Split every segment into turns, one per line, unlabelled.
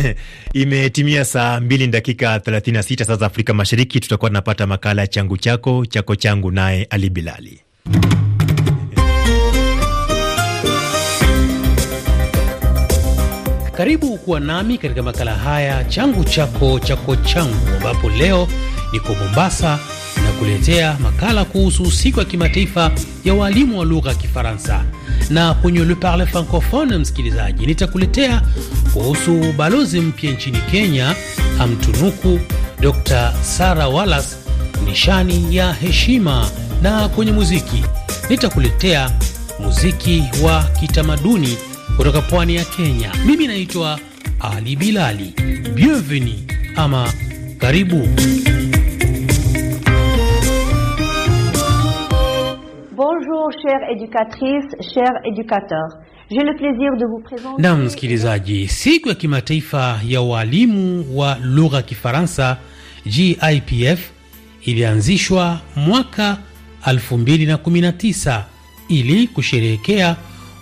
imetimia saa mbili dakika 36 saa za Afrika Mashariki. Tutakuwa tunapata makala ya changu chako chako changu, naye Ali Bilali.
Karibu kuwa nami katika makala haya changu chako chako changu, ambapo leo niko Mombasa kuletea makala kuhusu siku ya kimataifa ya walimu wa lugha ya Kifaransa, na kwenye Le Parle Francophone, msikilizaji, nitakuletea kuhusu balozi mpya nchini Kenya amtunuku Dr. Sarah Wallace nishani ya heshima, na kwenye muziki nitakuletea muziki wa kitamaduni kutoka pwani ya Kenya. Mimi naitwa Ali Bilali. Bienvenue ama karibu.
chères éducatrices, chers éducateurs. J'ai le plaisir de vous présenter... Na
msikilizaji, siku ya kimataifa ya walimu wa lugha ya Kifaransa GIPF ilianzishwa mwaka 2019 ili kusherehekea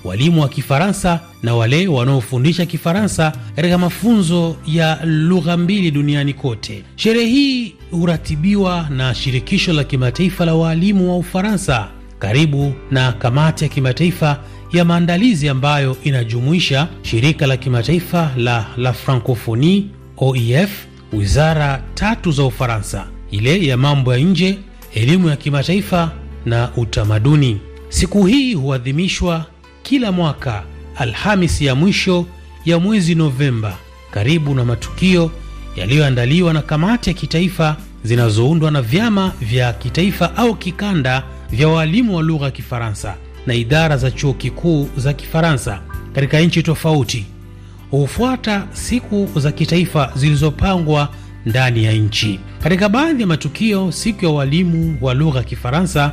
walimu wa Kifaransa na wale wanaofundisha Kifaransa katika mafunzo ya lugha mbili duniani kote. Sherehe hii huratibiwa na Shirikisho la Kimataifa la Waalimu wa Ufaransa karibu na kamati ya kimataifa ya maandalizi ambayo inajumuisha shirika la kimataifa la La Francophonie OIF, e wizara tatu za Ufaransa, ile ya mambo ya nje, elimu ya kimataifa na utamaduni. Siku hii huadhimishwa kila mwaka Alhamisi ya mwisho ya mwezi Novemba, karibu na matukio yaliyoandaliwa na kamati ya kitaifa zinazoundwa na vyama vya kitaifa au kikanda vya walimu wa lugha ya Kifaransa na idara za chuo kikuu za Kifaransa katika nchi tofauti hufuata siku za kitaifa zilizopangwa ndani ya nchi. Katika baadhi ya matukio, siku ya walimu wa lugha ya Kifaransa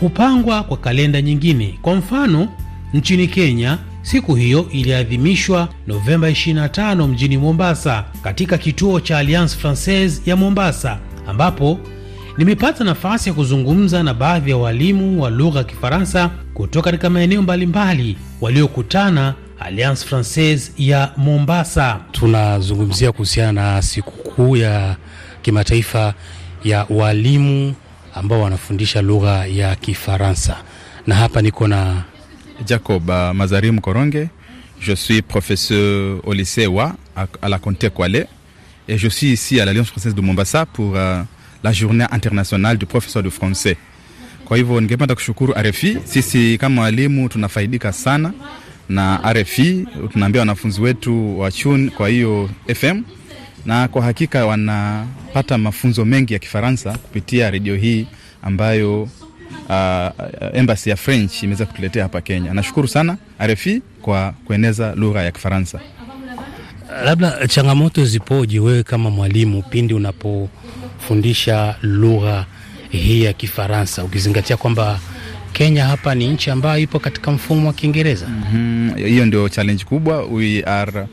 hupangwa kwa kalenda nyingine. Kwa mfano, nchini Kenya siku hiyo iliadhimishwa Novemba 25 mjini Mombasa katika kituo cha Alliance Francaise ya Mombasa ambapo Nimepata nafasi ya kuzungumza na baadhi ya walimu wa lugha ya Kifaransa kutoka katika maeneo mbalimbali waliokutana Alliance Francaise ya Mombasa. Tunazungumzia kuhusiana na sikukuu ya kimataifa ya walimu ambao wanafundisha lugha ya Kifaransa, na hapa niko na
Jacob uh, Koronge. Je suis professeur au lycée wa à, la conte Kwale et je suis ici à l'Alliance Française de Mombasa pour uh, la journée internationale du professeur de français. Kwa hivyo ningependa kushukuru RFI. Sisi kama walimu tunafaidika sana na RFI, tunaambia wanafunzi wetu wachun kwa hiyo FM, na kwa hakika wanapata mafunzo mengi ya Kifaransa kupitia redio hii ambayo uh, embassy ya French imeweza kutuletea hapa Kenya. Nashukuru sana RFI kwa kueneza lugha ya Kifaransa. Labda changamoto zipoje wewe kama mwalimu pindi unapo fundisha
lugha hii ya Kifaransa ukizingatia kwamba Kenya hapa ni nchi ambayo ipo katika
mfumo wa Kiingereza. mm hiyo -hmm. Ndio challenge kubwa. We are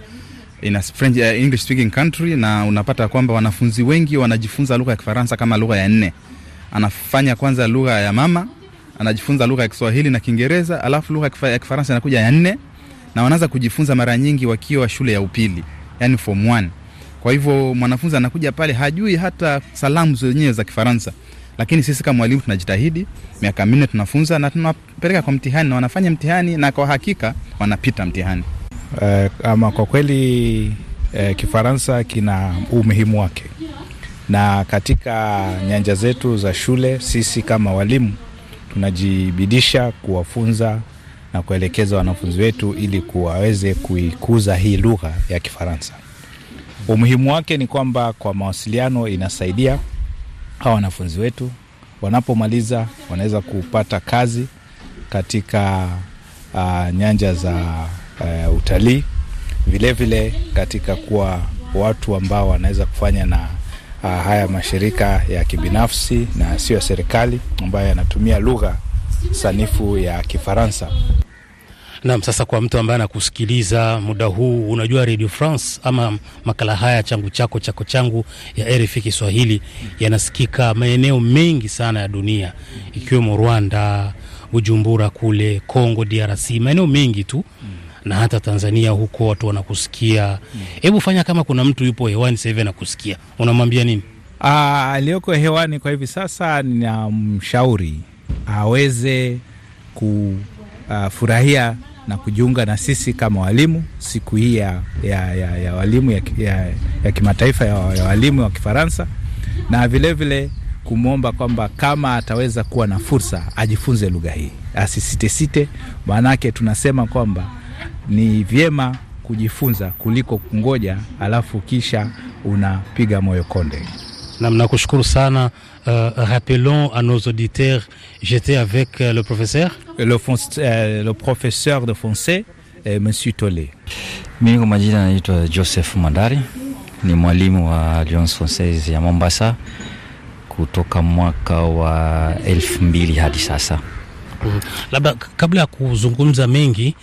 in a French, uh, English speaking country, na unapata kwamba wanafunzi wengi wanajifunza lugha ya Kifaransa kama lugha ya nne. Anafanya kwanza lugha ya mama, anajifunza lugha ya Kiswahili na Kiingereza, alafu lugha ya Kifaransa inakuja ya nne, na wanaanza kujifunza mara nyingi wakiwa shule ya upili, yani form kwa hivyo mwanafunzi anakuja pale hajui hata salamu zenyewe za Kifaransa, lakini sisi kama walimu tunajitahidi, miaka minne tunafunza na tunapeleka kwa mtihani na wanafanya mtihani na kwa hakika wanapita mtihani.
Uh, ama kwa kweli uh, Kifaransa kina umuhimu wake, na katika nyanja zetu za shule sisi kama walimu tunajibidisha kuwafunza na kuelekeza wanafunzi wetu ili kuwaweze kuikuza hii lugha ya Kifaransa. Umuhimu wake ni kwamba kwa mawasiliano inasaidia hawa wanafunzi wetu wanapomaliza wanaweza kupata kazi katika uh, nyanja za uh, utalii, vilevile katika kuwa watu ambao wanaweza kufanya na uh, haya mashirika ya kibinafsi na sio ya serikali ambayo yanatumia lugha sanifu ya Kifaransa.
Naam, sasa kwa mtu ambaye anakusikiliza muda huu, unajua Radio France ama makala haya changu chako chako changu ya RFI Kiswahili yanasikika maeneo mengi sana ya dunia ikiwemo Rwanda, Bujumbura kule congo DRC, maeneo mengi tu na hata Tanzania huko watu wanakusikia. Hebu fanya kama kuna mtu yupo hewani sasa hivi anakusikia, unamwambia nini? Ah, aliyoko hewani kwa
hivi sasa, ninamshauri aweze kufurahia ah, na kujiunga na sisi kama walimu siku hii ya, ya, ya, ya walimu ya, ya, ya kimataifa ya, ya walimu wa Kifaransa na vilevile vile kumwomba kwamba kama ataweza kuwa na fursa ajifunze lugha hii asisitesite, maanake tunasema kwamba ni vyema kujifunza kuliko kungoja
alafu kisha
unapiga moyo konde.
Nam, nakushukuru sana. Euh, rappelons à nos auditeurs, j'étais avec euh, le professeur le, euh, le professeur de foncé français
euh, Monsieur Tole. Mimi kwa majina naitwa Joseph Mandari, ni mwalimu wa Alliance Française ya Mombasa kutoka mwaka wa elfu mbili hadi sasa.
Mm. Labda kabla ya kuzungumza mengi,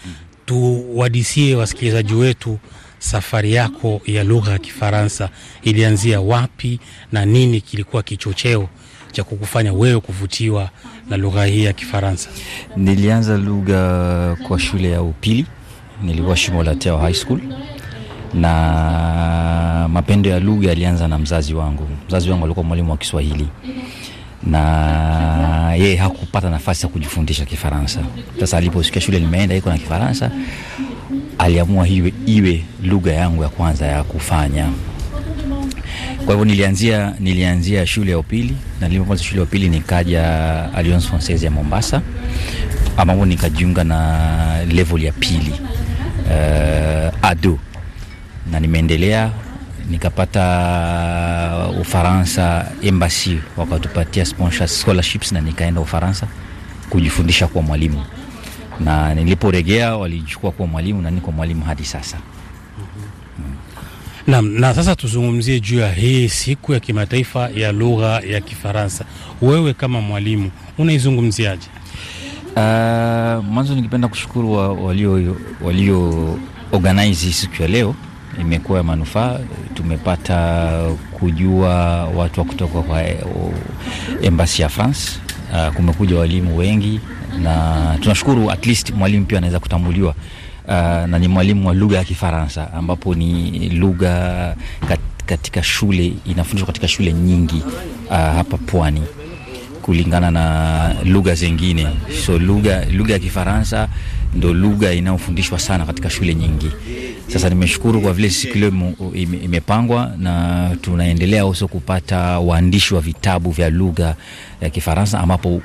tuwadisie wasikilizaji wetu safari yako ya lugha ya Kifaransa ilianzia wapi na nini kilikuwa kichocheo cha kukufanya wewe kuvutiwa na lugha hii ya Kifaransa?
Nilianza lugha kwa shule ya upili, nilikuwa Shimo la Teo High School, na mapendo ya lugha yalianza na mzazi wangu. Mzazi wangu alikuwa mwalimu wa Kiswahili na yeye hakupata nafasi ya kujifundisha Kifaransa. Sasa aliposikia shule nimeenda iko na Kifaransa aliamua iwe, iwe lugha yangu ya kwanza ya kufanya. Kwa hivyo nilianzia, nilianzia shule ya upili na nilipomaliza shule ya upili nikaja Alliance Francaise ya Mombasa, ambapo nikajiunga na level ya pili uh, eh, ado na nimeendelea nikapata Ufaransa embassy wakatupatia scholarships na nikaenda Ufaransa kujifundisha kwa mwalimu na niliporegea walichukua kuwa mwalimu na niko mwalimu hadi sasa. Mm-hmm.
Na, na sasa tuzungumzie juu ya hii siku ya kimataifa ya lugha ya Kifaransa. Wewe kama mwalimu unaizungumziaje?
Uh, mwanzo ningependa kushukuru wa, walio, walio organize siku ya leo. Imekuwa ya manufaa, tumepata kujua watu wa kutoka kwa eh, embasi ya France uh, kumekuja walimu wengi na tunashukuru at least mwalimu pia anaweza kutambuliwa uh, na ni mwalimu wa lugha ya Kifaransa ambapo ni lugha kat, katika shule inafundishwa katika shule nyingi uh, hapa pwani kulingana na lugha zingine. So lugha lugha ya Kifaransa ndo lugha inayofundishwa sana katika shule nyingi. Sasa nimeshukuru kwa vile siku ile imepangwa na tunaendelea uso kupata waandishi wa vitabu vya lugha ya Kifaransa, ambapo uh,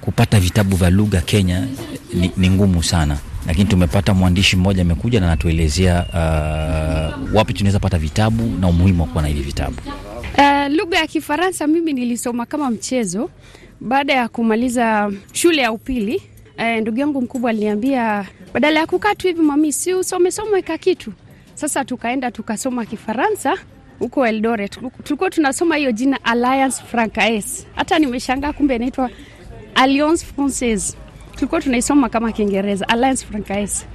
kupata vitabu vya lugha Kenya ni, ni ngumu sana, lakini tumepata mwandishi mmoja amekuja na anatuelezea uh, wapi tunaweza pata vitabu na umuhimu wa kuwa na hivi vitabu.
Uh, lugha ya Kifaransa mimi nilisoma kama mchezo baada ya kumaliza shule ya upili eh, ndugu yangu mkubwa aliniambia badala ya kukaa tu hivi, mami, si usomesoma kitu. Sasa tukaenda tukasoma Kifaransa huko Eldoret, tulikuwa tunasoma hiyo jina Alliance Francaise. Hata nimeshangaa kumbe inaitwa Alliance Francaise, tulikuwa tunaisoma kama Kiingereza Alliance Francaise,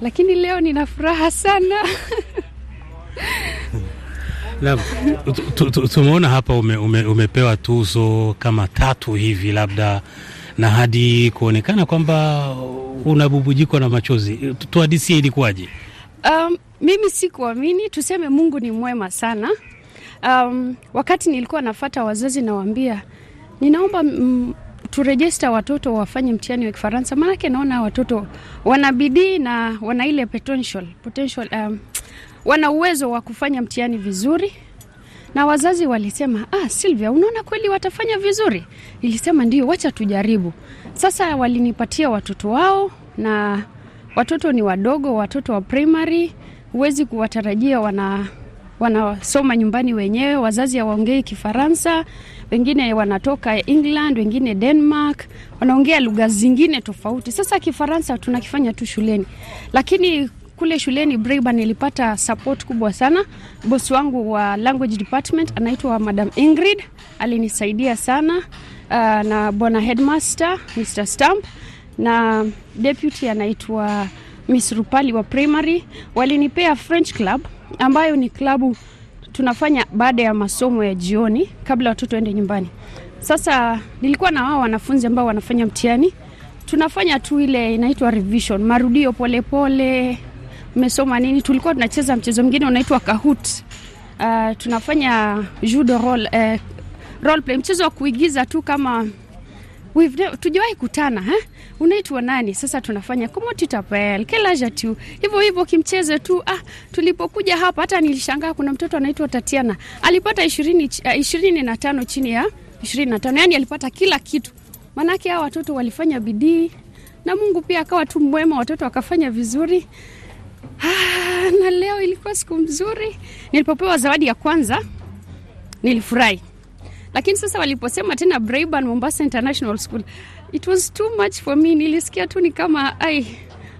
lakini leo nina furaha sana
tumeona hapa ume, ume, umepewa tuzo kama tatu hivi labda na hadi kuonekana kwamba unabubujikwa na machozi. Tuhadisia ilikuwaje?
Um, mimi sikuamini. Tuseme Mungu ni mwema sana. Um, wakati nilikuwa nafata wazazi nawaambia, ninaomba mm, turejista watoto wafanye mtihani wa Kifaransa, maanake naona watoto wana bidii na wana ile potential, potential um, wana uwezo wa kufanya mtihani vizuri na wazazi walisema ah, Silvia, unaona kweli watafanya vizuri? Nilisema ndio, wacha tujaribu. Sasa walinipatia watoto wao, na watoto ni wadogo, watoto wa primary, huwezi kuwatarajia wana wanasoma nyumbani wenyewe, wazazi hawaongei Kifaransa, wengine wanatoka England, wengine Denmark, wanaongea lugha zingine tofauti. Sasa Kifaransa tunakifanya tu shuleni, lakini kule shuleni Breiba nilipata support kubwa sana. Bosi wangu wa language department anaitwa Madam Ingrid, alinisaidia sana uh, na bwana headmaster Mr Stamp na deputy anaitwa Miss Rupali wa primary. Walinipea French club ambayo ni klabu tunafanya baada ya masomo ya jioni kabla watoto waende nyumbani. Sasa nilikuwa na wao wanafunzi ambao wanafanya mtihani tunafanya tu ile inaitwa revision, marudio polepole pole, tumesoma nini? Tulikuwa tunacheza mchezo mwingine unaitwa Kahoot. Uh, tunafanya judo role, uh, role play, mchezo wa kuigiza tu kama tujawahi kutana ha? Eh? Unaitwa nani sasa? Tunafanya komotitapel kelaja tu hivyo hivyo kimcheze tu ah. Tulipokuja hapa hata nilishangaa kuna mtoto anaitwa Tatiana alipata ishirini, uh, ishirini na tano chini ya ishirini na tano yani alipata kila kitu, maanake hawa watoto walifanya bidii na Mungu pia akawa tu mwema, watoto wakafanya vizuri. Ah, na leo ilikuwa siku mzuri. Nilipopewa zawadi ya kwanza nilifurahi, lakini sasa waliposema tena Brayburn Mombasa International School, it was too much for me. Nilisikia tu ni kama ai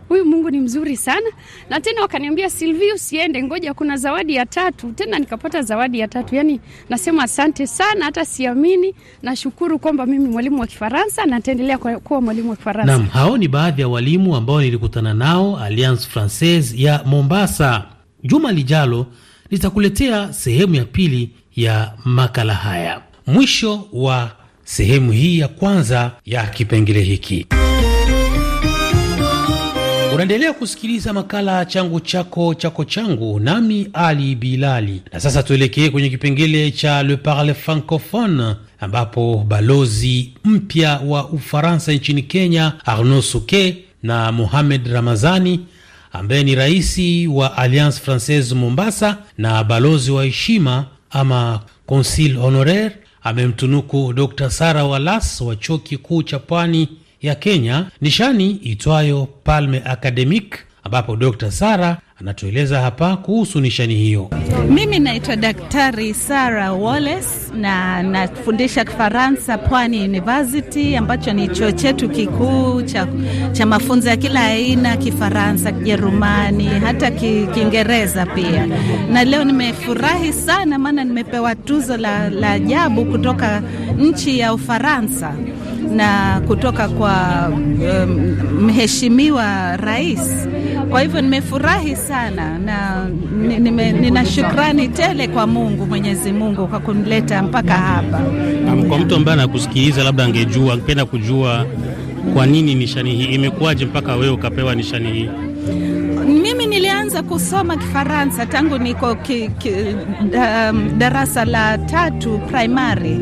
huyu Mungu ni mzuri sana. Na tena wakaniambia Silvi, usiende, ngoja kuna zawadi ya tatu. Tena nikapata zawadi ya tatu. Yani nasema asante sana, hata siamini. Nashukuru kwamba mimi mwalimu wa Kifaransa na nitaendelea kuwa mwalimu wa Kifaransa. Naam,
hao ni baadhi ya walimu ambao nilikutana nao Alliance Francaise ya Mombasa. Juma lijalo nitakuletea sehemu ya pili ya makala haya. Mwisho wa sehemu hii ya kwanza ya kipengele hiki. Unaendelea kusikiliza makala changu chako chako changu, nami Ali Bilali. Na sasa tuelekee kwenye kipengele cha Le Parle Francophone, ambapo balozi mpya wa Ufaransa nchini Kenya Arnaud Souke na Mohamed Ramazani ambaye ni raisi wa Alliance Francaise Mombasa na balozi wa heshima ama consul honoraire amemtunuku Dr. Sara Walas wa chuo kikuu cha Pwani ya Kenya nishani itwayo Palme Academic, ambapo Dr. Sara anatueleza hapa kuhusu nishani hiyo.
Mimi naitwa Daktari Sara Wallace na nafundisha Kifaransa Pwani University, ambacho ni chuo chetu kikuu cha, cha mafunzo ya kila aina, Kifaransa, Kijerumani, hata Kiingereza pia. Na leo nimefurahi sana, maana nimepewa tuzo la ajabu kutoka nchi ya Ufaransa na kutoka kwa um, mheshimiwa rais. Kwa hivyo nimefurahi sana na nime, nina shukrani tele kwa Mungu Mwenyezi Mungu kwa kunileta mpaka hapa.
Kwa mtu ambaye anakusikiliza labda angejua angependa kujua kwa nini nishani hii imekuwaje mpaka wewe ukapewa nishani hii?
Mimi nilianza kusoma Kifaransa tangu niko ki, ki, da, um, darasa la tatu primary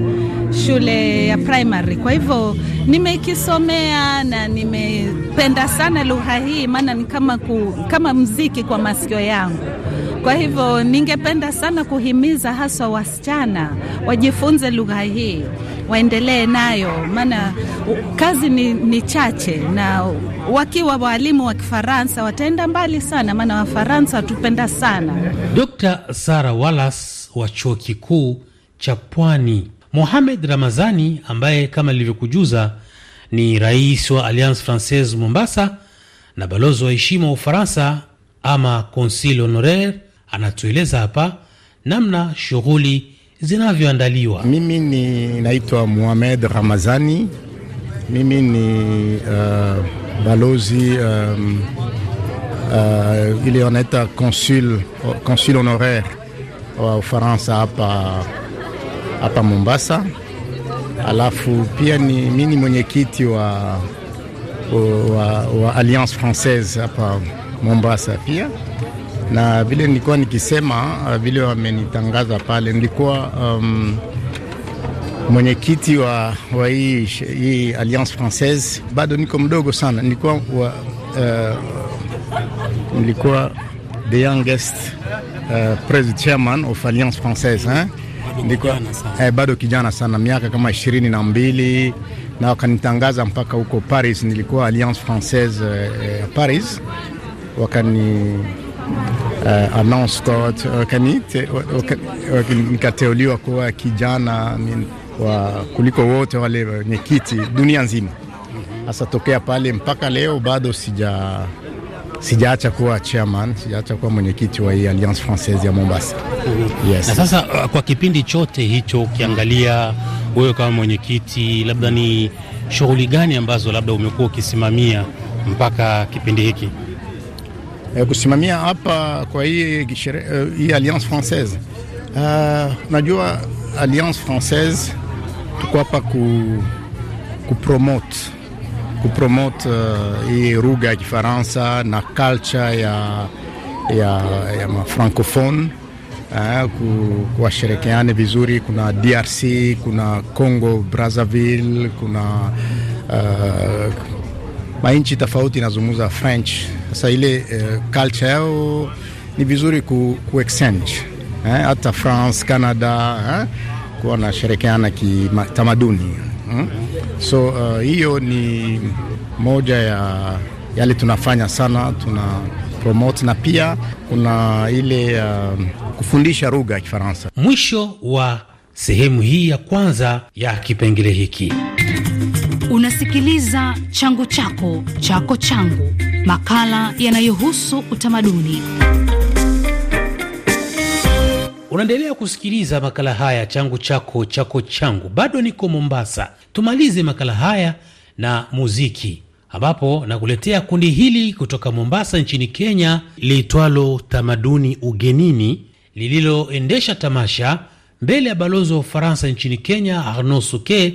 shule ya primary. Kwa hivyo nimekisomea na nimependa sana lugha hii, maana ni kama, ku, kama mziki kwa masikio yangu. Kwa hivyo ningependa sana kuhimiza haswa wasichana wajifunze lugha hii, waendelee nayo, maana kazi ni, ni chache, na wakiwa waalimu wa Kifaransa wataenda mbali sana, maana Wafaransa watupenda sana.
Dr. Sara Wallace wa chuo kikuu cha Pwani Mohamed Ramazani ambaye kama nilivyokujuza ni rais wa Alliance Francaise Mombasa na balozi wa heshima wa Ufaransa ama consil honoraire, anatueleza hapa namna shughuli zinavyoandaliwa.
Mimi ni naitwa Mohamed Ramazani, mimi ni uh, balozi um, uh, ile wanaita consul, consul honoraire wa Ufaransa hapa hapa Mombasa. Alafu pia ni mimi ni mwenyekiti wa, wa, wa Alliance Francaise hapa Mombasa pia, na vile nilikuwa nikisema uh, vile wamenitangaza pale, nilikuwa um, mwenyekiti wa, wa hii, hii Alliance Francaise. Bado niko mdogo sana, nilikuwa wa, uh, nilikuwa the youngest uh, president chairman of Alliance Francaise hein? Eh? ndiko eh, bado kijana sana, miaka kama ishirini na mbili na wakanitangaza mpaka huko Paris. Nilikuwa Alliance Francaise eh, Paris wakani Uh, announce nikateuliwa kuwa kijana wa kuliko wote wale wenyekiti dunia nzima. Sasa tokea pale mpaka leo bado sija sijaacha kuwa chairman, sijaacha kuwa mwenyekiti wa hii Alliance Francaise ya Mombasa. Yes. Na sasa
uh, kwa kipindi chote hicho ukiangalia wewe kama mwenyekiti, labda ni shughuli gani ambazo labda umekuwa ukisimamia mpaka
kipindi hiki? E, kusimamia hapa kwa hii, eh, hii Alliance Francaise uh, ah, najua Alliance Francaise tuko hapa ku, kupromote kupromote uh, hii lugha ya Kifaransa na culture ya, ya, ya mafrancophone eh, uh, kuwashirikiane vizuri. Kuna DRC, kuna Congo Brazzaville, kuna uh, mainchi tofauti inazungumza French. Sasa ile uh, culture yao ni vizuri ku, ku exchange eh, hata eh, France Canada eh, kuwa nashirikiana kitamaduni. Hmm? So uh, hiyo ni moja ya yale tunafanya sana, tuna promote na pia kuna ile uh, kufundisha lugha ya Kifaransa. Mwisho wa sehemu hii ya kwanza ya kipengele
hiki.
Unasikiliza changu chako chako changu, makala yanayohusu utamaduni.
Unaendelea kusikiliza makala haya changu chako chako changu, bado niko Mombasa. Tumalize makala haya na muziki, ambapo nakuletea kundi hili kutoka Mombasa nchini Kenya liitwalo Tamaduni Ugenini, lililoendesha tamasha mbele ya balozi wa Ufaransa nchini Kenya Arnaud Suke,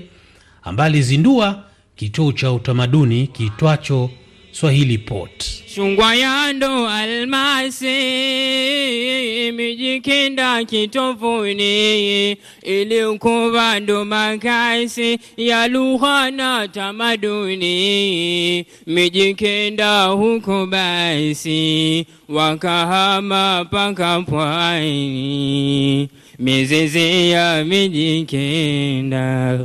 ambaye alizindua kituo cha utamaduni kiitwacho Swahili Port.
Shungwa ya ndo almasi mijikinda kitovuni, ilikuwa ndo makasi ya lugha na tamaduni, mijikinda huko basi wakahama paka pwani, mizizi ya mijikenda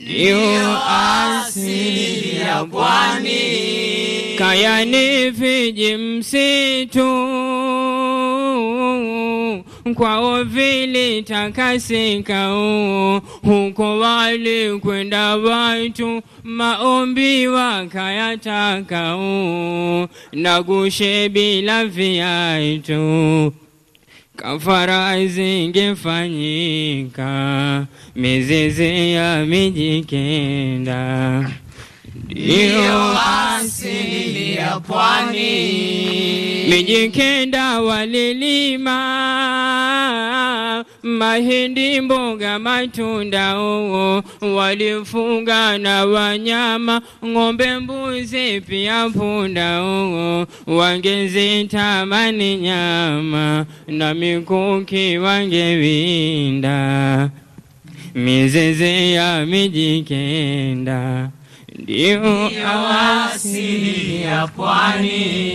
Ndiyo asili ya pwani, kayani, viji, msitu kwao vilitakasika, huko walikwenda watu maombi wakayataka, na gushe bila viatu Kafara zingefanyika, mizizi ya miji kenda ndiyo
asili ya pwani.
Miji kenda walilima mahindi, mboga, matunda uo Walifuga na wanyama ng'ombe, mbuzi, pia punda oo. Wangezitamani nyama na mikuki wangewinda mizizi ya mijikenda ndio asili ya pwani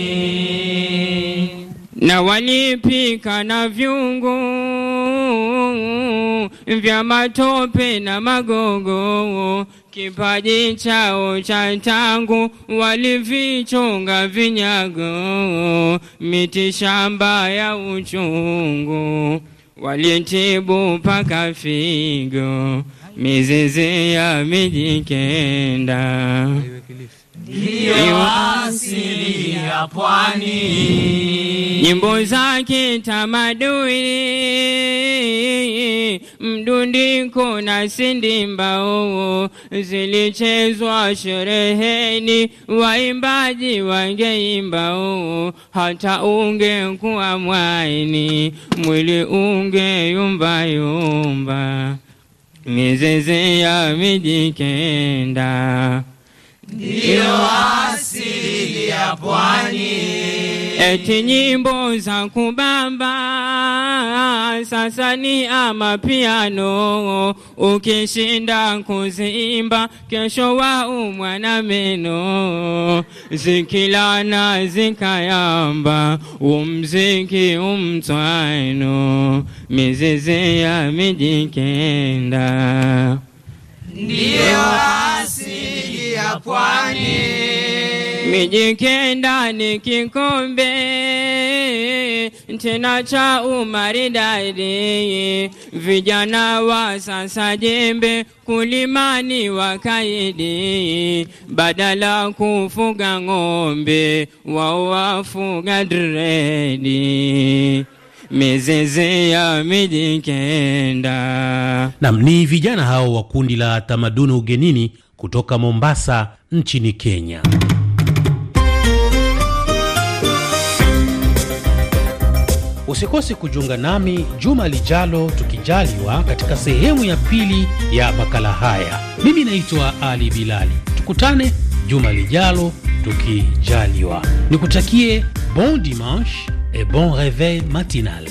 na walipika na vyungu vya matope na magogo, kipaji chao cha tangu walivichonga vinyago, miti shamba ya uchungu walitibu paka figo, mizizi ya mijikenda
ndiyo
asili ya pwani.
Nyimbo zake tamaduni, mdundiko na sindimbao zilichezwa shereheni, waimbaji wangeimbao hata ungekuwa mwaini, mwili yumba, mizizi ya mijikenda ndiyo
asili ya pwani.
Eti nyimbo za kubamba sasa ni amapiano, ukishinda kuziimba kesho wa umwa na meno, zikilana zikayamba, umziki umtwaino, mizizi ya mijikenda ndiyo
asili ya pwani.
Mijike ndani kikombe tena cha umaridadi, vijana wa sasa jembe kulimani wakaidi, badala kufuga ng'ombe wao wafuga dredi mizizi ya mijikenda. Nam ni vijana hao wa kundi la
tamaduni ugenini kutoka Mombasa nchini Kenya. Usikose kujiunga nami juma lijalo, tukijaliwa, katika sehemu ya pili ya makala haya. Mimi naitwa Ali Bilali, tukutane juma lijalo, tukijaliwa. Nikutakie bon dimanche et bon réveil matinal.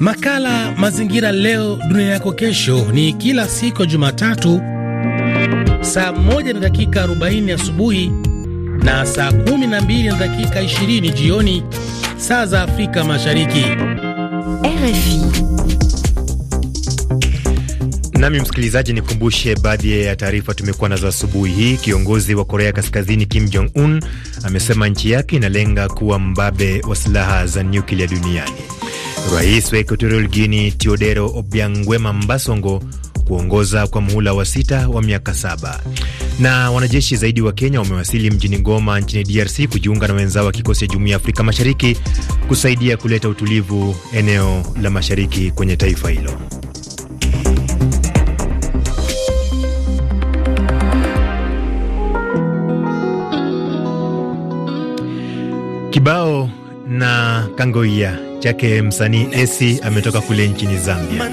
Makala Mazingira Leo Dunia Yako Kesho ni kila siku ya Jumatatu saa 1 na dakika 40 asubuhi na saa 12 na dakika 20 jioni saa za Afrika Mashariki. RFI.
Nami msikilizaji, nikumbushe baadhi ya taarifa tumekuwa nazo asubuhi hii. Kiongozi wa Korea Kaskazini Kim Jong Un amesema nchi yake inalenga kuwa mbabe wa silaha za nyuklia duniani. Rais wa Equatorial Guinea Teodoro Obiang Nguema Mbasongo kuongoza kwa muhula wa sita wa miaka saba. Na wanajeshi zaidi wa Kenya wamewasili mjini Goma nchini DRC kujiunga na wenzao wa kikosi cha Jumuiya ya Afrika Mashariki kusaidia kuleta utulivu eneo la mashariki kwenye taifa hilo. kibao na Kangoia chake msanii Esi ametoka kule nchini Zambia.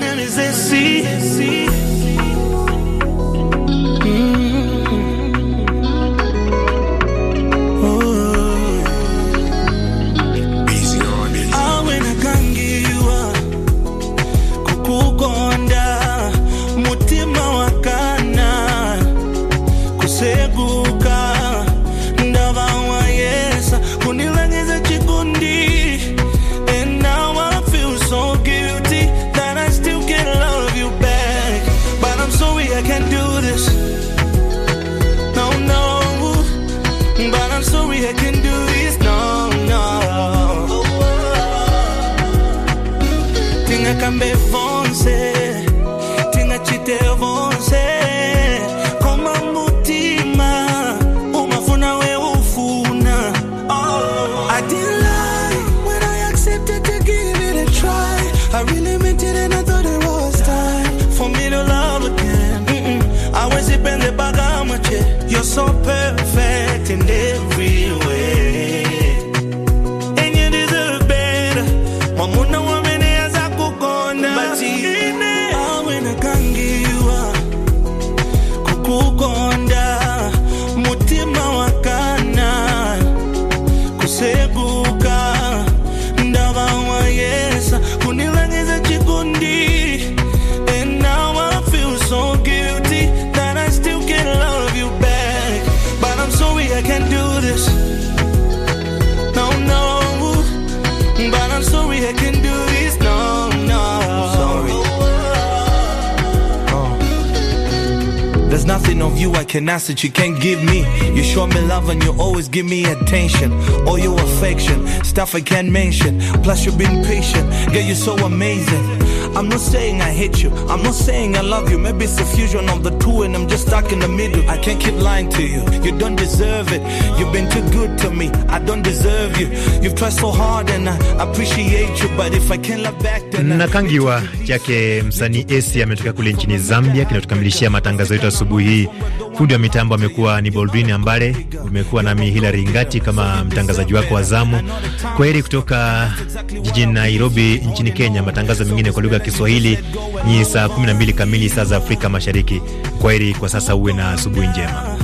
of you I can ask that you can't give me. You show me love and you always give me attention. All your affection, stuff I can't mention. Plus, you've been patient, girl, you're so amazing. I'm not saying I hate you, I'm not saying I love you. Maybe it's a fusion of the two and I'm just stuck in the middle. I can't keep lying to you. You don't deserve it. You've been too good to me. I don't deserve you. You've tried so hard and I appreciate you, but if I can't love back
then na kangiwa chake msanii Esi ametoka kule nchini Zambia, kinatukamilishia matangazo yetu asubuhi hii. Fundi wa mitambo amekuwa ni Boldwin Ambale, umekuwa nami Hilary Ngati kama mtangazaji wako wa zamu. Kwa heri kutoka jijini Nairobi nchini Kenya. Matangazo mengine kwa lugha ya Kiswahili ni saa 12 kamili saa za Afrika Mashariki. Kwaheri kwa sasa, uwe na asubuhi
njema.